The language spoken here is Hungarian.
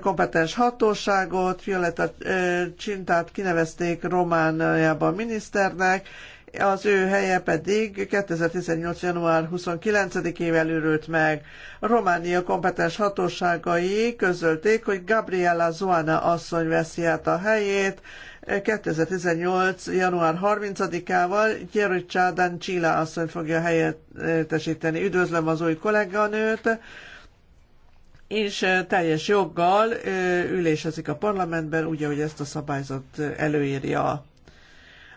kompetens hatóságot, Violeta Csintát kinevezték Romániában miniszternek, az ő helye pedig 2018. január 29-ével őrült meg. A Románia kompetens hatóságai közölték, hogy Gabriela Zuana asszony veszi át a helyét 2018. január 30-ával, Csádán Csilla asszony fogja helyettesíteni. Üdvözlöm az új kolléganőt, és teljes joggal ülésezik a parlamentben, úgy, ahogy ezt a szabályzat előírja.